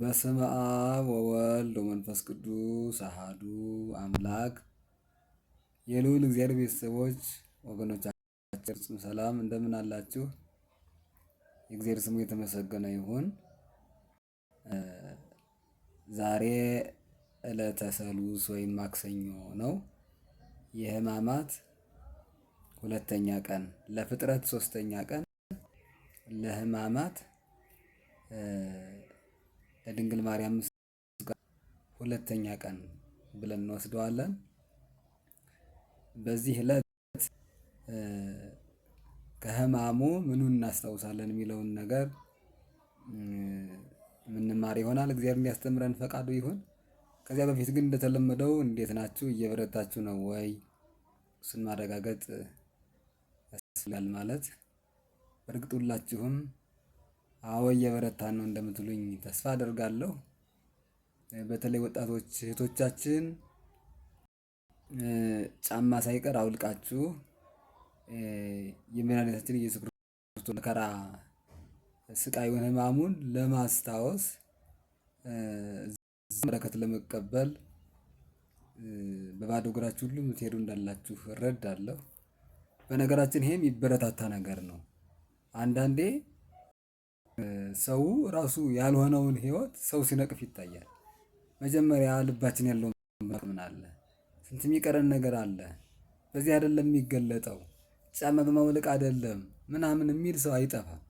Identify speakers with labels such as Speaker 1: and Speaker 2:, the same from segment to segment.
Speaker 1: በስመ አብ ወወልድ ወመንፈስ ቅዱስ አሃዱ አምላክ። የልዑል እግዚአብሔር ቤተሰቦች ወገኖቻችን ፍጹም ሰላም እንደምን አላችሁ? የእግዚአብሔር ስሙ የተመሰገነ ይሁን። ዛሬ ዕለተ ሰሉስ ወይም ማክሰኞ ነው። የሕማማት ሁለተኛ ቀን፣ ለፍጥረት ሶስተኛ ቀን፣ ለሕማማት ለድንግል ማርያም ሁለተኛ ቀን ብለን እንወስደዋለን። በዚህ ዕለት ከሕማሙ ምኑን እናስታውሳለን የሚለውን ነገር ምንማር ይሆናል። እግዚአብሔር እንዲያስተምረን ፈቃዱ ይሁን። ከዚያ በፊት ግን እንደተለመደው እንዴት ናችሁ? እየበረታችሁ ነው ወይ? እሱን ማረጋገጥ ያስፈልጋል ማለት በእርግጥ ሁላችሁም አዎ እየበረታን ነው እንደምትሉኝ ተስፋ አደርጋለሁ። በተለይ ወጣቶች እህቶቻችን ጫማ ሳይቀር አውልቃችሁ የመድኃኒታችን ኢየሱስ ክርስቶስ መከራ ስቃዩን ሕማሙን ለማስታወስ በረከት ለመቀበል በባዶ እግራችሁ ሁሉ የምትሄዱ እንዳላችሁ እረዳለሁ። በነገራችን ይሄም የሚበረታታ ነገር ነው። አንዳንዴ ሰው ራሱ ያልሆነውን ህይወት ሰው ሲነቅፍ ይታያል። መጀመሪያ ልባችን ያለውን ምን አለ፣ ስንት የሚቀረን ነገር አለ፣ በዚህ አይደለም የሚገለጠው፣ ጫማ በማውለቅ አይደለም ምናምን የሚል ሰው አይጠፋም።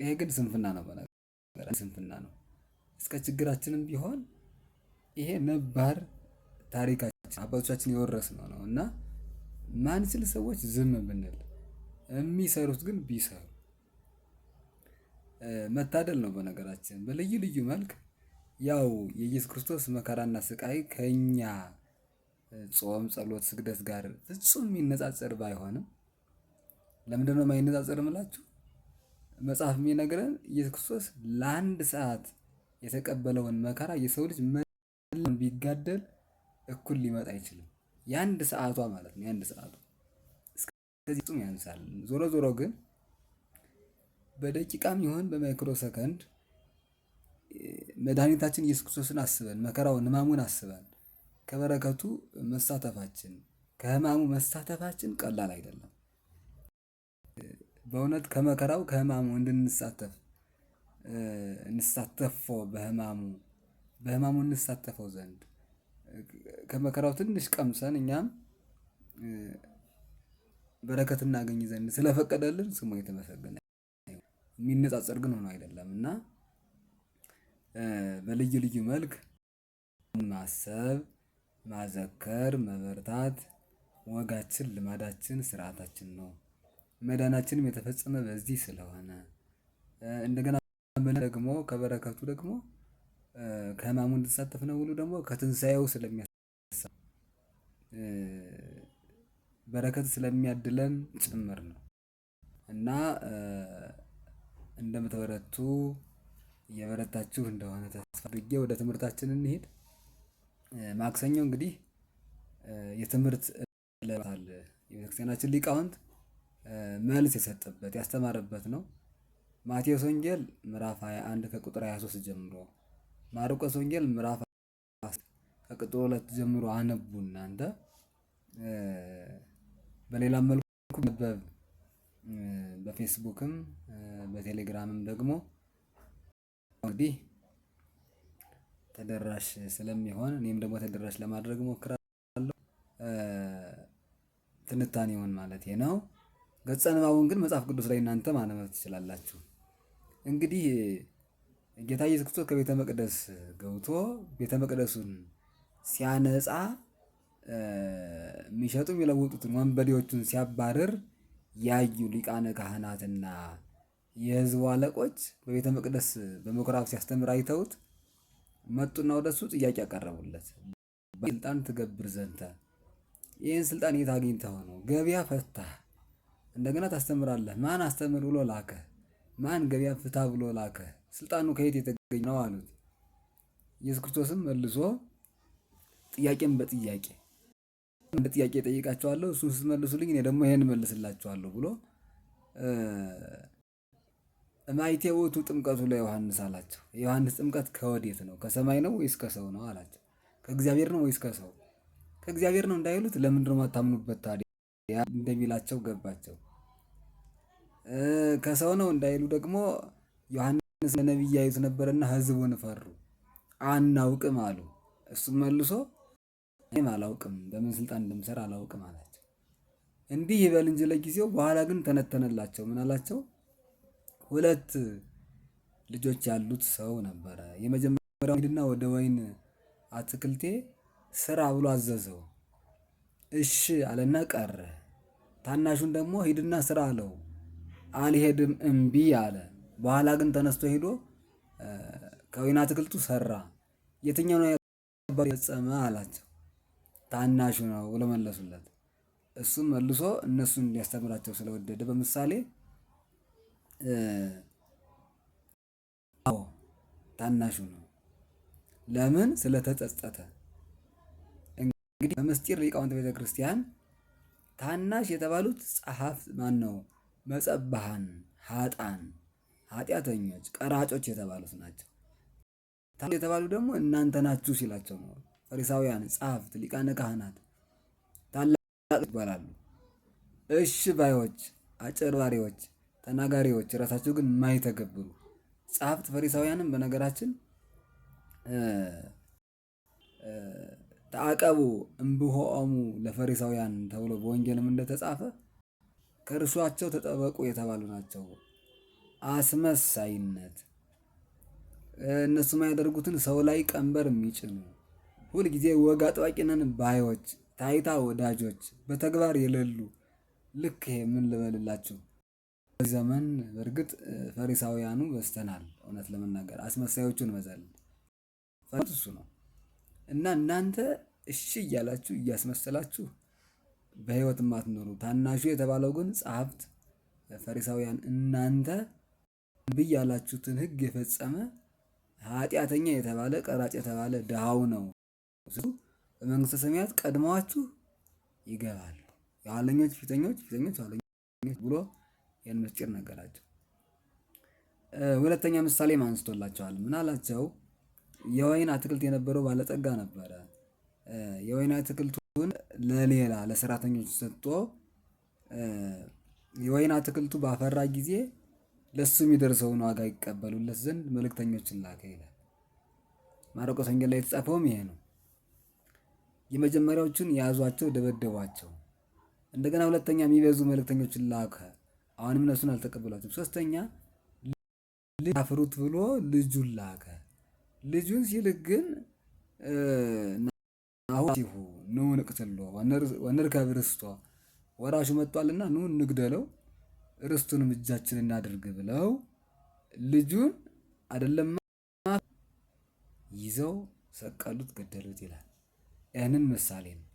Speaker 1: ይሄ ግን ስንፍና ነው፣ በነገር ስንፍና ነው። እስከ ችግራችንም ቢሆን ይሄ ነባር ታሪካችን አባቶቻችን የወረስነው ነው እና ማንችል ሰዎች ዝም ብንል፣ የሚሰሩት ግን ቢሰሩ መታደል ነው። በነገራችን በልዩ ልዩ መልክ ያው የኢየሱስ ክርስቶስ መከራና ስቃይ ከኛ ጾም፣ ጸሎት፣ ስግደት ጋር ፍጹም የሚነጻጸር ባይሆንም ለምንድነው የማይነጻጸር ምላችሁ? መጽሐፍ የሚነግረን ኢየሱስ ክርስቶስ ለአንድ ሰዓት የተቀበለውን መከራ የሰው ልጅ ቢጋደል እኩል ሊመጣ አይችልም። የአንድ ሰዓቷ ማለት ነው የአንድ ሰዓቷ እስከዚህ ፍጹም ያንሳል። ዞሮ ዞሮ ግን በደቂቃም ይሆን በማይክሮ ሰከንድ መድኃኒታችን ኢየሱስ ክርስቶስን አስበን መከራውን ሕማሙን አስበን ከበረከቱ መሳተፋችን ከሕማሙ መሳተፋችን ቀላል አይደለም። በእውነት ከመከራው ከሕማሙ እንድንሳተፍ እንሳተፈው በሕማሙ በሕማሙ እንሳተፈው ዘንድ ከመከራው ትንሽ ቀምሰን እኛም በረከት እናገኝ ዘንድ ስለፈቀደልን ስሙ የተመሰገነ የሚነጻጸር ግን ሆኖ አይደለም እና በልዩ ልዩ መልክ ማሰብ፣ ማዘከር፣ መበርታት ወጋችን፣ ልማዳችን፣ ስርዓታችን ነው። መዳናችንም የተፈጸመ በዚህ ስለሆነ እንደገና ደግሞ ከበረከቱ ደግሞ ከህማሙ እንድትሳተፍ ነው ብሎ ደግሞ ከትንሣኤው ስለሚያሳ በረከት ስለሚያድለን ጭምር ነው እና እንደምትበረቱ እየበረታችሁ እንደሆነ ተስፋ አድርጌ ወደ ትምህርታችን እንሄድ። ማክሰኞ እንግዲህ የትምህርት ለታል የቤተክርስቲያናችን ሊቃውንት መልስ የሰጠበት ያስተማረበት ነው። ማቴዎስ ወንጌል ምዕራፍ 21 ከቁጥር 23 ጀምሮ ማርቆስ ወንጌል ምዕራፍ ከቁጥር 2 ጀምሮ አነቡ እናንተ በሌላ መልኩ መበብ በፌስቡክም በቴሌግራምም ደግሞ እንግዲህ ተደራሽ ስለሚሆን እኔም ደግሞ ተደራሽ ለማድረግ እሞክራለሁ። ትንታኔውን ማለት ነው። ገጸ ንባቡን ግን መጽሐፍ ቅዱስ ላይ እናንተ ማንበብ ትችላላችሁ። እንግዲህ ጌታ ኢየሱስ ክርስቶስ ከቤተ መቅደስ ገብቶ ቤተ መቅደሱን ሲያነጻ የሚሸጡ የሚለውጡትን ወንበዴዎቹን ሲያባርር ያዩ ሊቃነ ካህናትና የህዝቡ አለቆች በቤተ መቅደስ በምኩራብ ሲያስተምር አይተውት መጡና ወደሱ ጥያቄ ያቀረቡለት ስልጣን ትገብር ዘንተ ይህን ስልጣን የት አግኝተው ነው? ፈታ ፈታህ እንደገና ታስተምራለህ። ማን አስተምር ብሎ ላከ? ማን ገበያ ፍታ ብሎ ላከ? ስልጣኑ ከየት የተገኘ ነው አሉት። ኢየሱስ ክርስቶስም መልሶ ጥያቄም በጥያቄ አንድ ጥያቄ ጠይቃቸዋለሁ እሱን ስትመልሱልኝ እኔ ደግሞ ይሄን መልስላቸዋለሁ ብሎ እማይቴ ውእቱ ጥምቀቱ ለዮሐንስ አላቸው። የዮሐንስ ጥምቀት ከወዴት ነው? ከሰማይ ነው ወይስ ከሰው ነው አላቸው። ከእግዚአብሔር ነው ወይስ ከሰው? ከእግዚአብሔር ነው እንዳይሉት ለምንድን ነው የማታምኑበት ታዲያ እንደሚላቸው ገባቸው። ከሰው ነው እንዳይሉ ደግሞ ዮሐንስ ነቢይ ያዩት ነበርና ህዝቡን ፈሩ፣ አናውቅም አሉ። እሱም መልሶ እኔም አላውቅም በምን ስልጣን እንደምሰራ አላውቅም አላቸው። እንዲህ ይበል እንጂ ለጊዜው። በኋላ ግን ተነተነላቸው። ምን አላቸው? ሁለት ልጆች ያሉት ሰው ነበረ። የመጀመሪያው ሂድና ወደ ወይን አትክልቴ ስራ ብሎ አዘዘው። እሺ አለና ቀረ። ታናሹን ደግሞ ሂድና ስራ አለው። አልሄድም እምቢ አለ። በኋላ ግን ተነስቶ ሄዶ ከወይን አትክልቱ ሰራ። የትኛው ነው ያልተፈጸመ አላቸው። ታናሹ ነው ብሎ መለሱለት። እሱም መልሶ እነሱን ሊያስተምራቸው ስለወደደ በምሳሌ አዎ ታናሹ ነው። ለምን? ስለተጸጸተ። እንግዲህ በምስጢር ሊቃውንት ቤተ ክርስቲያን ታናሽ የተባሉት ጸሐፍ ማን ነው? መጸባሃን፣ ሀጣን፣ ኃጢአተኞች፣ ቀራጮች የተባሉት ናቸው። የተባሉ ደግሞ እናንተ ናችሁ ሲላቸው ነው። ፈሪሳውያን፣ ጸሐፍት፣ ሊቃነ ካህናት ታላቅ ይባላሉ። እሺ ባዮች፣ አጨራሪዎች፣ ተናጋሪዎች ራሳቸው ግን ማይተገብሩ ጸሐፍት ፈሪሳውያንም በነገራችን ተአቀቡ እምብሆሙ ለፈሪሳውያን ተብሎ በወንጌልም እንደተጻፈ ከእርሷቸው ተጠበቁ የተባሉ ናቸው። አስመሳይነት እነሱ የማያደርጉትን ሰው ላይ ቀንበር የሚጭኑ ሁልጊዜ ወግ አጥባቂ ባዮች፣ ታይታ ወዳጆች፣ በተግባር የሌሉ ልክ ይሄ ምን ልበልላችሁ። በዚህ ዘመን በእርግጥ ፈሪሳውያኑ በስተናል እውነት ለመናገር አስመሳዮቹ በዛል። እሱ ነው እና እናንተ እሺ እያላችሁ እያስመሰላችሁ በህይወት ማትኖሩ ታናሹ የተባለው ግን ጸሐፍት ፈሪሳውያን እናንተ ብያላችሁትን ህግ የፈጸመ ኃጢአተኛ የተባለ ቀራጭ የተባለ ድሃው ነው በመንግስተ ሰማያት ቀድመዋችሁ ይገባሉ። የኋለኞች ፊተኞች፣ ፊተኞች ኋለኞች ብሎ የምስጢር ነገራቸው። ሁለተኛ ምሳሌ አንስቶላቸዋል። ምን አላቸው? የወይን አትክልት የነበረው ባለጠጋ ነበረ። የወይን አትክልቱን ለሌላ ለሰራተኞች ሰጥቶ የወይን አትክልቱ ባፈራ ጊዜ ለሱ የሚደርሰውን ዋጋ ይቀበሉለት ዘንድ መልእክተኞችን ላከ ይላል። ማርቆስ ወንጌል ላይ የተጻፈውም ይሄ ነው። የመጀመሪያዎቹን ያዟቸው፣ ደበደቧቸው። እንደገና ሁለተኛ የሚበዙ መልእክተኞችን ላከ። አሁንም እነሱን አልተቀበሏቸውም። ሶስተኛ ላፍሩት ብሎ ልጁን ላከ። ልጁን ሲልክ ግን ናሲሁ ኑ ንቅትሎ ወንርከብ ርስቶ ወራሹ መጥቷልና ኑ እንግደለው ርስቱንም እጃችን እናድርግ ብለው ልጁን አይደለም ይዘው ሰቀሉት፣ ገደሉት ይላል። ያንን ምሳሌ ነው።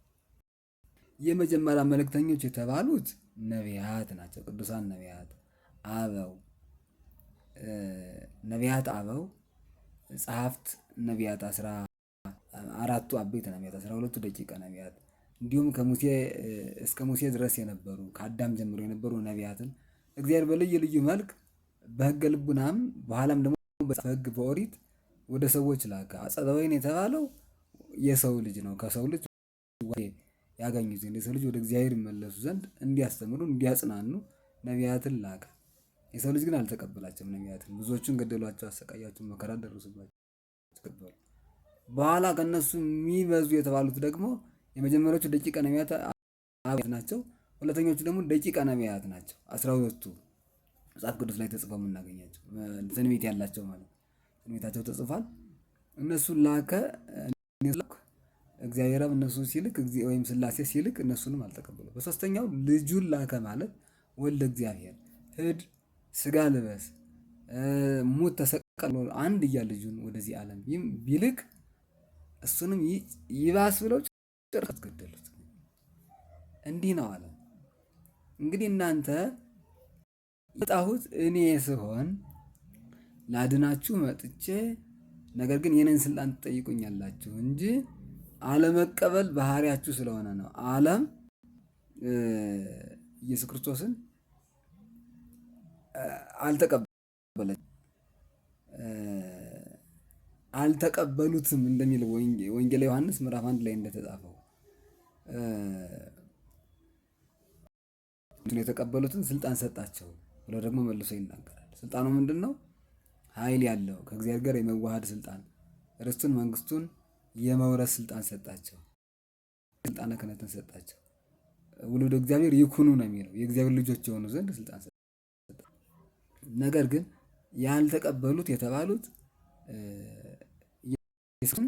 Speaker 1: የመጀመሪያ መልእክተኞች የተባሉት ነቢያት ናቸው። ቅዱሳን ነቢያት አበው ነቢያት አበው ጸሐፍት ነቢያት አስራ አራቱ አበይት ነቢያት አስራ ሁለቱ ደቂቀ ነቢያት እንዲሁም ከሙሴ እስከ ሙሴ ድረስ የነበሩ ከአዳም ጀምሮ የነበሩ ነቢያትን እግዚአብሔር በልዩ ልዩ መልክ በሕገ ልቡናም በኋላም ደግሞ በሕግ በኦሪት ወደ ሰዎች ላከ። አጸደ ወይን የተባለው የሰው ልጅ ነው። ከሰው ልጅ ያገኙ ዘንድ የሰው ልጅ ወደ እግዚአብሔር ይመለሱ ዘንድ እንዲያስተምሩ እንዲያጽናኑ ነቢያትን ላከ። የሰው ልጅ ግን አልተቀበላቸውም። ነቢያትን ብዙዎቹን ገደሏቸው፣ አሰቃያቸው፣ መከራ ደረሱባቸው። በኋላ ከእነሱ የሚበዙ የተባሉት ደግሞ የመጀመሪያዎቹ ደቂቀ ነቢያት ናቸው። ሁለተኞቹ ደግሞ ደቂቀ ነቢያት ናቸው። አስራ ሁለቱ መጽሐፍ ቅዱስ ላይ ተጽፈው የምናገኛቸው ትንቢት ያላቸው ማለት ትንቢታቸው ተጽፏል። እነሱን ላከ። እግዚአብሔርም እነሱን ሲልክ ወይም ስላሴ ሲልክ እነሱንም አልተቀበሉ። በሶስተኛው ልጁን ላከ ማለት ወልደ እግዚአብሔር ሂድ ስጋ ልበስ ሙት ተሰቀል አንድያ ልጁን ወደዚህ ዓለም ቢልክ እሱንም ይባስ ብለው ጭራሽ ገደሉት። እንዲህ ነው አለ። እንግዲህ እናንተ የመጣሁት እኔ ስሆን ላድናችሁ መጥቼ ነገር ግን የኔን ስልጣን ትጠይቁኛላችሁ እንጂ አለመቀበል ባህሪያችሁ ስለሆነ ነው። ዓለም ኢየሱስ ክርስቶስን አልተቀበለች አልተቀበሉትም እንደሚል ወንጌል ዮሐንስ ምዕራፍ አንድ ላይ እንደተጻፈው የተቀበሉትን ስልጣን ሰጣቸው ብሎ ደግሞ መልሶ ይናገራል። ስልጣኑ ምንድን ነው? ኃይል ያለው ከእግዚአብሔር ጋር የመዋሃድ ስልጣን፣ ርስቱን መንግስቱን የመውረስ ስልጣን ሰጣቸው። ስልጣነ ክህነትን ሰጣቸው። ውሉደ እግዚአብሔር ይኩኑ ነው የሚለው የእግዚአብሔር ልጆች የሆኑ ዘንድ ስልጣን ሰጣቸው። ነገር ግን ያልተቀበሉት የተባሉት ሱን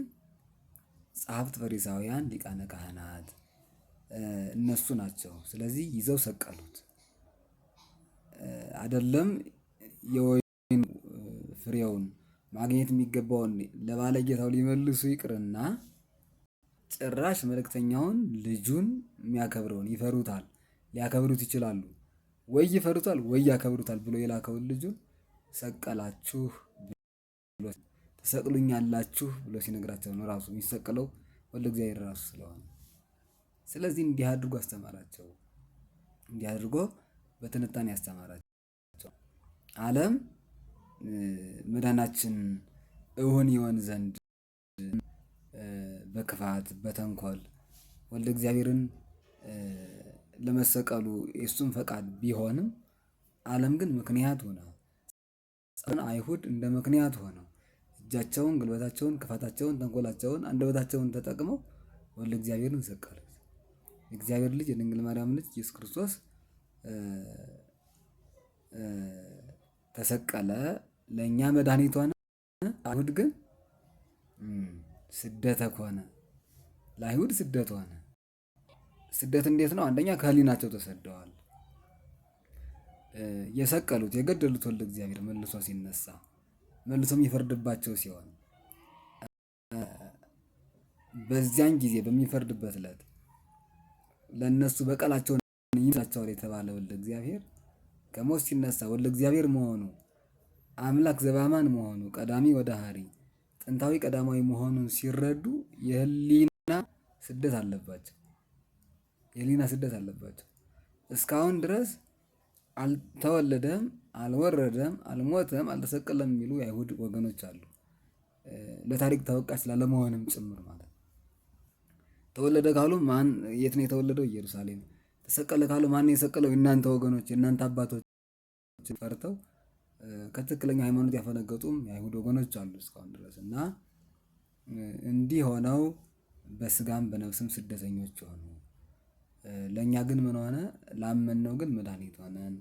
Speaker 1: ጸሐፍት፣ ፈሪሳውያን፣ ሊቃነ ካህናት እነሱ ናቸው። ስለዚህ ይዘው ሰቀሉት አይደለም ፍሬውን ማግኘት የሚገባውን ለባለጌታው ሊመልሱ ይቅርና ጭራሽ መልእክተኛውን ልጁን የሚያከብረውን ይፈሩታል፣ ሊያከብሩት ይችላሉ ወይ ይፈሩታል ወይ ያከብሩታል ብሎ የላከውን ልጁን ሰቀላችሁ ተሰቅሉኛላችሁ ብሎ ሲነግራቸው ነው ራሱ የሚሰቀለው ወደ እግዚአብሔር ራሱ ስለሆነ። ስለዚህ እንዲህ አድርጎ አስተማራቸው። እንዲህ አድርጎ በትንታኔ አስተማራቸው። ዓለም መዳናችን እውን ይሆን ዘንድ በክፋት በተንኮል ወልደ እግዚአብሔርን ለመሰቀሉ የእሱም ፈቃድ ቢሆንም ዓለም ግን ምክንያት ሆነ። አይሁድ እንደ ምክንያት ሆነው እጃቸውን፣ ጉልበታቸውን፣ ክፋታቸውን፣ ተንኮላቸውን፣ አንደበታቸውን ተጠቅመው ወልደ እግዚአብሔርን ሰቀሉት። የእግዚአብሔር ልጅ የድንግል ማርያም ልጅ ኢየሱስ ክርስቶስ ተሰቀለ። ለእኛ መድኃኒት ሆነ። አይሁድ ግን ስደተ ከሆነ ለአይሁድ ስደት ሆነ። ስደት እንዴት ነው? አንደኛ ከህሊናቸው ተሰደዋል። የሰቀሉት የገደሉት ወልደ እግዚአብሔር መልሶ ሲነሳ መልሶ የሚፈርድባቸው ሲሆን በዚያን ጊዜ በሚፈርድበት ዕለት ለእነሱ በቀላቸውን ይዛቸዋል የተባለ ወልደ እግዚአብሔር ከሞት ሲነሳ ወልደ እግዚአብሔር መሆኑ አምላክ ዘባማን መሆኑ ቀዳሚ ወደ ሀሪ ጥንታዊ ቀዳማዊ መሆኑን ሲረዱ የህሊና ስደት አለባቸው። የህሊና ስደት አለባቸው። እስካሁን ድረስ አልተወለደም፣ አልወረደም፣ አልሞተም፣ አልተሰቀለም የሚሉ የአይሁድ ወገኖች አሉ። ለታሪክ ተወቃሽ ላለመሆንም ጭምር ማለት ነው። ተወለደ ካሉ ማን የት ነው የተወለደው? ኢየሩሳሌም። ተሰቀለ ካሉ ማን የሰቀለው? የእናንተ ወገኖች የእናንተ አባቶች ፈርተው ከትክክለኛ ሃይማኖት ያፈነገጡም የአይሁድ ወገኖች አሉ እስካሁን ድረስ እና እንዲህ ሆነው በስጋም በነፍስም ስደተኞች ሆኑ። ለእኛ ግን ምን ሆነ? ላመንነው ግን መድኃኒት ሆነን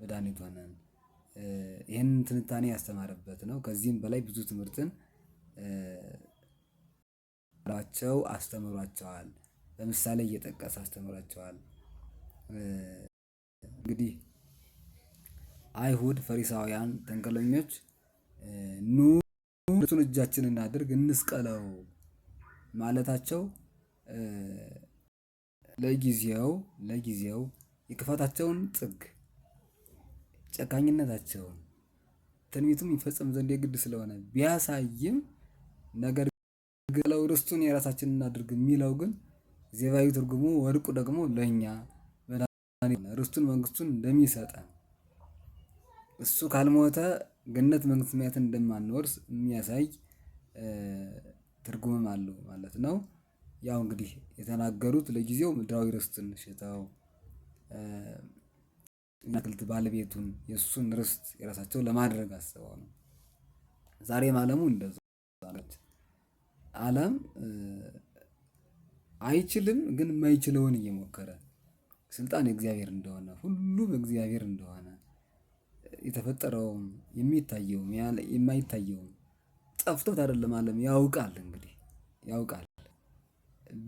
Speaker 1: መድኃኒት ሆነን። ይህን ትንታኔ ያስተማረበት ነው። ከዚህም በላይ ብዙ ትምህርትን ቸው አስተምሯቸዋል። በምሳሌ እየጠቀስ አስተምሯቸዋል። እንግዲህ አይሁድ ፈሪሳውያን ተንከለኞች ኑ እርሱን እጃችን እናድርግ እንስቀለው ማለታቸው ለጊዜው ለጊዜው የክፋታቸውን ጥግ ጨካኝነታቸውን ትንቢቱም ይፈጸም ዘንድ የግድ ስለሆነ ቢያሳይም ነገር ግለው ርስቱን የራሳችን እናድርግ የሚለው ግን ዜባዊ ትርጉሙ ወርቁ ደግሞ ለእኛ ርስቱን መንግስቱን እንደሚሰጠን እሱ ካልሞተ ገነት መንግሥተ እንደማንወርስ የሚያሳይ ትርጉምም አለው ማለት ነው። ያው እንግዲህ የተናገሩት ለጊዜው ምድራዊ ርስትን ሽተው የአትክልት ባለቤቱን የእሱን ርስት የራሳቸው ለማድረግ አስበው ነው። ዛሬ ዓለሙ እንደዛ ዓለም አይችልም፣ ግን የማይችለውን እየሞከረ ስልጣን እግዚአብሔር እንደሆነ ሁሉም እግዚአብሔር እንደሆነ የተፈጠረውም የሚታየውም የማይታየውም ጠፍቶት አይደለም፣ ዓለም ያውቃል። እንግዲህ ያውቃል።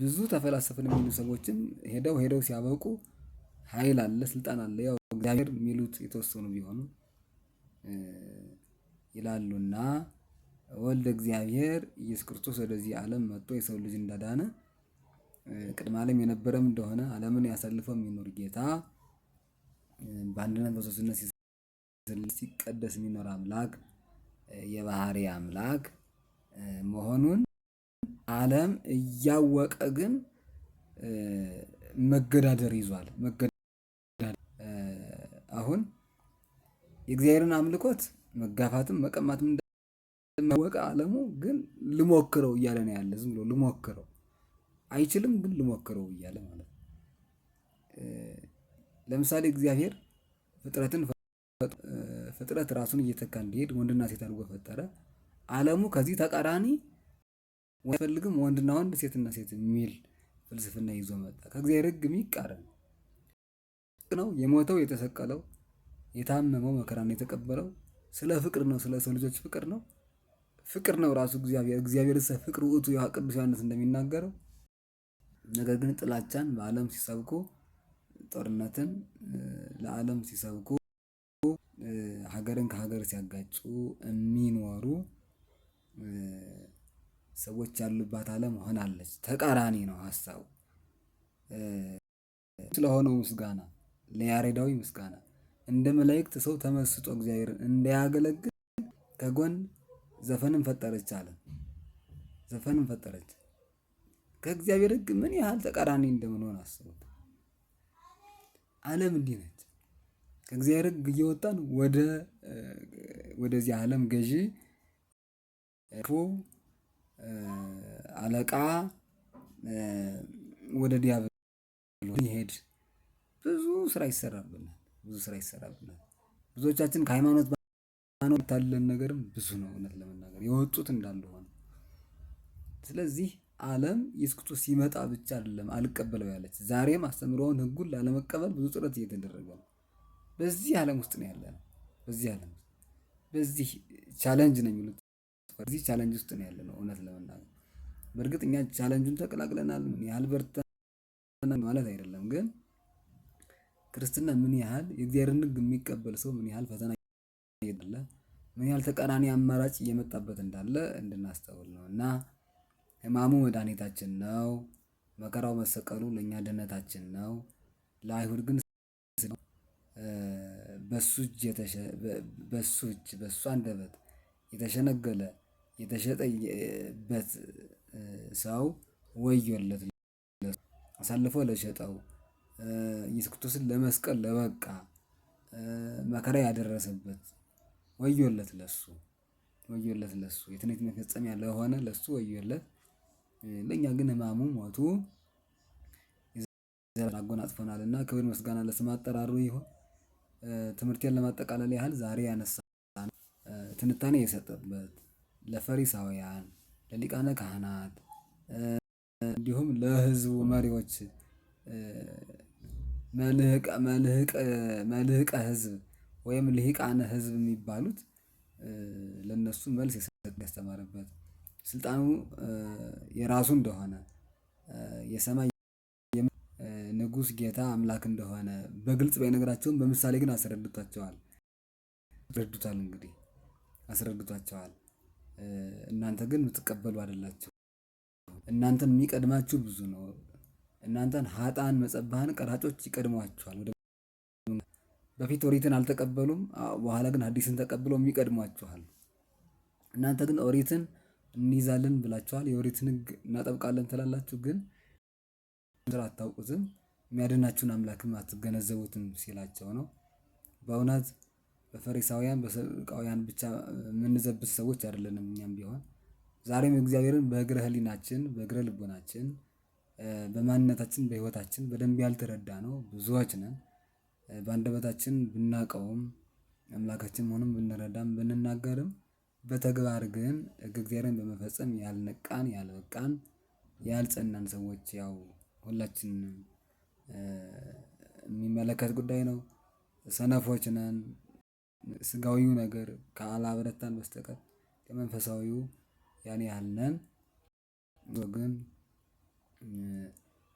Speaker 1: ብዙ ተፈላሰፍን የሚሉ ሰዎችም ሄደው ሄደው ሲያበቁ ኃይል አለ፣ ስልጣን አለ፣ ያው እግዚአብሔር የሚሉት የተወሰኑ ቢሆኑ ይላሉና ወልደ እግዚአብሔር ኢየሱስ ክርስቶስ ወደዚህ ዓለም መጥቶ የሰው ልጅ እንዳዳነ ቅድመ ዓለም የነበረም እንደሆነ ዓለምን ያሳልፈው የሚኖር ጌታ በአንድነት በሶስትነት ሲቀደስ የሚኖር አምላክ የባህሪ አምላክ መሆኑን ዓለም እያወቀ ግን መገዳደር ይዟል። መገዳደር አሁን የእግዚአብሔርን አምልኮት መጋፋትም መቀማትም እንዳወቀ ዓለሙ ግን ልሞክረው እያለ ነው ያለ። ዝም ብሎ ልሞክረው አይችልም፣ ግን ልሞክረው እያለ ማለት ነው። ለምሳሌ እግዚአብሔር ፍጥረትን ፍጥረት ራሱን እየተካ እንዲሄድ ወንድና ሴት አድርጎ ፈጠረ። ዓለሙ ከዚህ ተቃራኒ አይፈልግም። ወንድና ወንድ፣ ሴትና ሴት የሚል ፍልስፍና ይዞ መጣ። ከእግዚአብሔር ሕግ የሚቃረን ነው። የሞተው የተሰቀለው፣ የታመመው መከራን የተቀበለው ስለ ፍቅር ነው። ስለ ሰው ልጆች ፍቅር ነው። ፍቅር ነው ራሱ እግዚአብሔር። እግዚአብሔር ሰ ፍቅር ውእቱ ቅዱስ ዮሐንስ እንደሚናገረው ነገር ግን ጥላቻን በዓለም ሲሰብኩ ጦርነትን ለዓለም ሲሰብኩ ሀገርን ከሀገር ሲያጋጩ የሚኖሩ ሰዎች ያሉባት አለም ሆናለች። ተቃራኒ ነው ሀሳቡ። ስለሆነው ምስጋና ለያሬዳዊ ምስጋና እንደ መላእክት ሰው ተመስጦ እግዚአብሔርን እንዳያገለግል ከጎን ዘፈንን ፈጠረች አለ። ዘፈንን ፈጠረች ከእግዚአብሔር ሕግ ምን ያህል ተቃራኒ እንደምንሆን አስቡት። አለም እንዲህ ነች። ከእግዚአብሔር ሕግ እየወጣን ወደ ወደዚህ ዓለም ገዢ ፎ አለቃ ወደ ዲያብሎስ ይሄድ ብዙ ስራ ይሰራብናል። ብዙ ስራ ይሰራብናል። ብዙዎቻችን ከሃይማኖት ታለን ነገርም ብዙ ነው። እውነት ለመናገር የወጡት እንዳለ ሆነ። ስለዚህ ዓለም ኢየሱስ ክርስቶስ ሲመጣ ብቻ አይደለም አልቀበለው ያለች ዛሬም አስተምሮውን ህጉን ላለመቀበል ብዙ ጥረት እየተደረገ ነው። በዚህ ዓለም ውስጥ ነው ያለ ነው። በዚህ ዓለም ውስጥ በዚህ ቻለንጅ ነው የሚሉት በዚህ ቻለንጅ ውስጥ ነው ያለ ነው። እውነት ለመናገር በእርግጥ እኛ ቻለንጁን ተቀላቅለናል። ምን ያህል በርተናል ማለት አይደለም፣ ግን ክርስትና ምን ያህል የእግዚአብሔርን ሕግ የሚቀበል ሰው ምን ያህል ፈተና እንዳለ ምን ያህል ተቃራኒ አማራጭ እየመጣበት እንዳለ እንድናስተውል ነው እና ሕማሙ መድኃኒታችን ነው። መከራው መሰቀሉ ለእኛ ድነታችን ነው። ለአይሁድ ግን በሱ እጅ በሱ እጅ በሱ አንደበት የተሸነገለ የተሸጠበት ሰው ወዮለት አሳልፎ ለሸጠው ኢየሱስ ክርስቶስን ለመስቀል ለበቃ መከራ ያደረሰበት ወዮለት ለሱ ወዮለት ለሱ የትንቢት መፈጸሚያ ለሆነ ለሱ ወዮለት። ለእኛ ግን ሕማሙ ሞቱ እና ክብር ምስጋና ለስም አጠራሩ ይሁን። ትምህርቴን ለማጠቃለል ያህል ዛሬ ያነሳ ትንታኔ የሰጠበት ለፈሪሳውያን፣ ለሊቃነ ካህናት እንዲሁም ለህዝቡ መሪዎች መልህቀ ህዝብ ወይም ልሂቃነ ህዝብ የሚባሉት ለነሱ መልስ ያስተማረበት ስልጣኑ የራሱ እንደሆነ የሰማይ ንጉሥ ጌታ አምላክ እንደሆነ በግልጽ ባይነግራቸውም በምሳሌ ግን አስረድቷቸዋል ረዱታል እንግዲህ አስረድቷቸዋል። እናንተ ግን የምትቀበሉ አይደላችሁ። እናንተን የሚቀድማችሁ ብዙ ነው። እናንተን ሀጣን መጸባህን ቀራጮች ይቀድሟቸዋል። በፊት ኦሪትን አልተቀበሉም፣ በኋላ ግን አዲስን ተቀብለው የሚቀድሟችኋል። እናንተ ግን ኦሪትን እንይዛለን ብላችኋል፣ የኦሪትን ሕግ እናጠብቃለን ትላላችሁ፣ ግን አታውቁትም። የሚያድናችሁን አምላክም አትገነዘቡትም ሲላቸው ነው። በእውነት በፈሪሳውያን በሰዱቃውያን ብቻ የምንዘብት ሰዎች አይደለንም። እኛም ቢሆን ዛሬም እግዚአብሔርን በእግረ ህሊናችን በእግረ ልቦናችን በማንነታችን በህይወታችን በደንብ ያልተረዳ ነው ብዙዎች ነን። በአንደበታችን ብናውቀውም አምላካችን መሆኑን ብንረዳም ብንናገርም በተግባር ግን ህግ እግዚአብሔርን በመፈጸም ያልነቃን ያልበቃን ያልጸናን ሰዎች ያው ሁላችንም የሚመለከት ጉዳይ ነው። ሰነፎች ነን። ስጋዊው ነገር ከአላበረታን በስተቀር መንፈሳዊው ያን ያህል ነን። ግን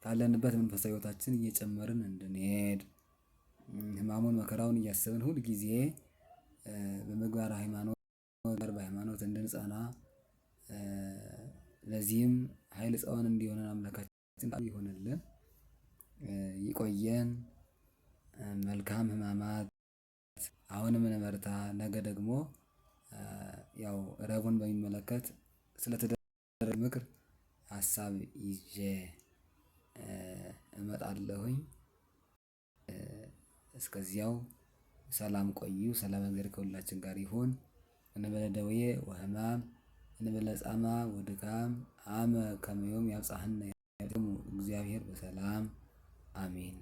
Speaker 1: ካለንበት መንፈሳዊ ህይወታችን እየጨመርን እንድንሄድ ህማሙን መከራውን እያሰብን ሁል ጊዜ በምግባረ ሃይማኖት በሃይማኖት እንድንጸና ለዚህም ኃይል ጸዋን እንዲሆነን አምላካችን ይሆንልን። ይቆየን። መልካም ሕማማት። አሁንም እንበርታ። ነገ ደግሞ ያው ረቡን በሚመለከት ስለተደረገ ምክር ሀሳብ ይዤ እመጣለሁኝ። እስከዚያው ሰላም ቆዩ። ሰላም እግዚአብሔር ከሁላችን ጋር ይሁን። እንበለ ደዌ ወህማም እንበለ ጻማ ወድካም አመ ከመዮም ያብጽሐነ እግዚአብሔር በሰላም I mean.